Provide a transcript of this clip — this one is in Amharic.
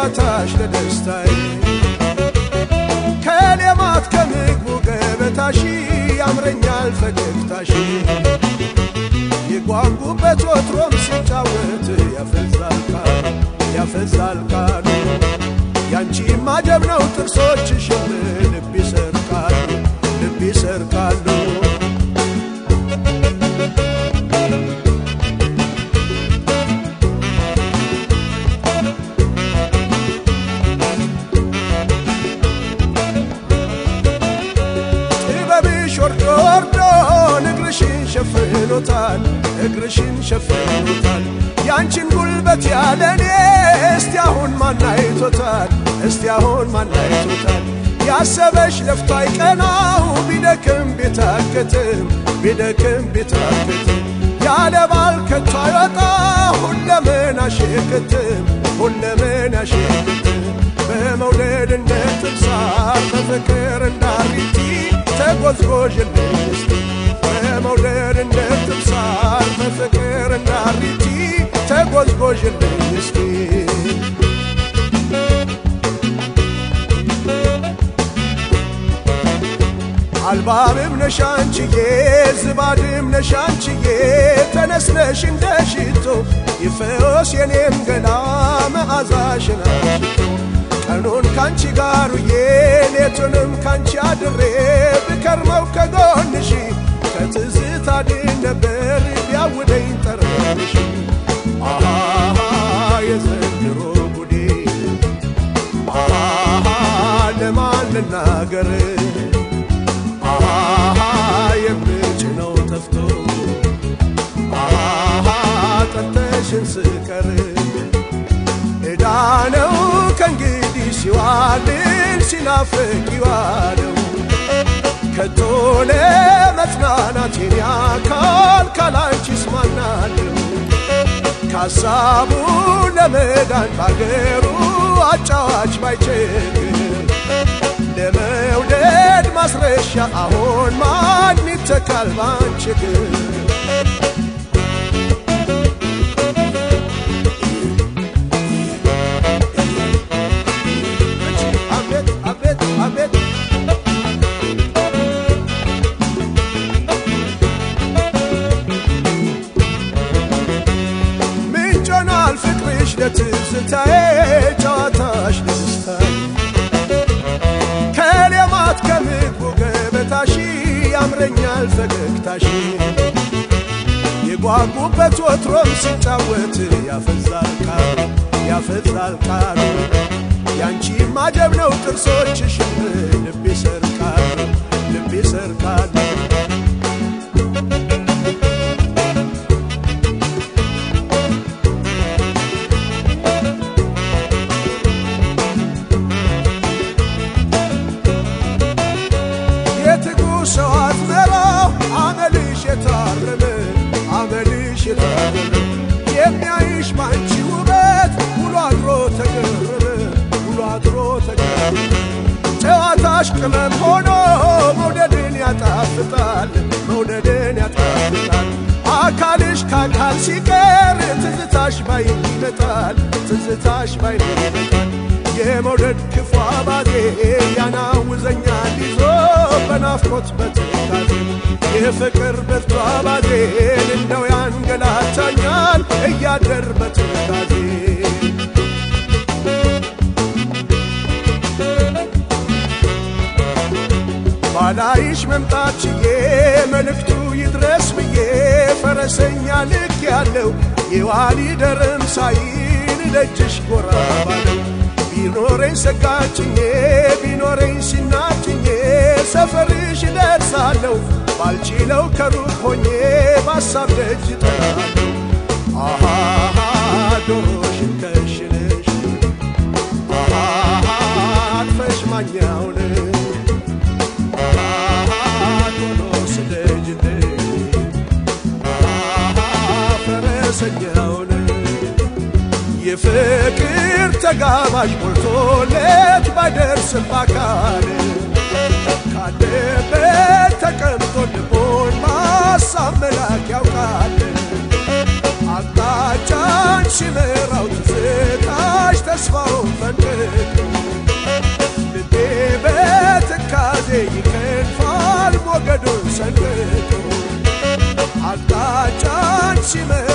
ጨዋታሽ ለደስታዬ ማት ከምግቡ ገበታሽ ያምረኛል ፈገግታሽ የጓንጉበት ወትሮም ሲጫወት ያፈዛል ያፈዛልካ ያፈዛል ካሉ ነው ጥርሶችሽ ልብ ሸፍኖታል፣ እግርሽን ሸፍኖታል። ያንቺን ጉልበት ያለኔ እስቲ አሁን ማን አይቶታል? እስቲ አሁን ማን ያሰበሽ ለፍቶ አይቀናው ቢደክም ቢታክትም ቢደክም ቢታክትም ያለ ባል ከቶ አይወጣ ሁለምን አሽክትም ሁለምን አሽክትም በመውደድ እንደ ጥብሳር በፍቅር እንዳሪቲ ተጎዝጎዥልሽ ለመውደድ እንደ ትምሳል በፍቅር እንዳሪቲ ተጎዝጎዥልኝ እስኪ አልባብም ነሽ ዝባድም ነሽ ተነስነሽ እንደ ሽቶ ይፈወስ የኔም ገና መዓዛሽን አሽቶ ቀኑን ካንቺ ጋር ውዬ ሌቱንም ካንቺ አድሬ ልናገር አሃ የምጭነው ጠፍቶ አሃ ጠተሽን ስቀር ዕዳ ነው ከእንግዲህ ሲዋልል ሲናፍቅ ይዋለው ከቶ ለመጽናናት የኔ አካል ካላንቺስ ማናለው ካሳቡ ለመዳን ባገሩ አጫዋች ባይቸግር ለመውደድ ማስረሻ አሁን ማን ይተካል ባንቺ ግን ምንጮናል ፍቅርሽ ለትዝታዬ ጨዋታሽ ልዝ ቁጣሽ ያምረኛል ፈገግታሽ የጓጉበት ወትሮም ሲጫወት ያፈዛል ቃሉ ያፈዛል ቃሉ ያንቺ ማደብ ነው ጥርሶችሽን ልቤ ይሰርቃሉ ልቤ ይሰርቃሉ ተብሎ የሚያይሽ ባንቺ ውበት ውሎ አድሮ ተገረረ ውሎ አድሮ ተገረረ። ጨዋታሽ ቅመም ሆኖ መውደድን ያጣፍጣል መውደድን ያጣፍጣል። አካልሽ ከአካል ሲቀር ትዝታሽ ባይን ይመጣል ትዝታሽ ባይን ይመጣል። የመውደድ ክፉ አባዜ ያናውዘኛል ይዞ በናፍቆት በትካዜ የፍቅር በትቷ አባዜ እንደው ያንገላታኛል እያደር በትካዜ ባላይሽ መምጣትዬ መልእክቱ ይድረስ ብዬ ፈረሰኛ ልክ ያለው የዋሊ ደርም ሳይል ደጅሽ ጎራ ባለው ቢኖረኝ ሰጋችኜ ቢኖረኝ ሲናችኜ ሰፈርሽ ደርሳለሁ ባልችለው ከሩቅ ሆኜ በሀሳብ ደጅ እጠራለሁ አሃ ዶሮሽን ከሽነሽ አሃ አቅፈሽ ማኛውን ፈረሰኛውን የፍቅር ተጋባዥ ሞልቶለት ባይደርስም በአካል Shimmer.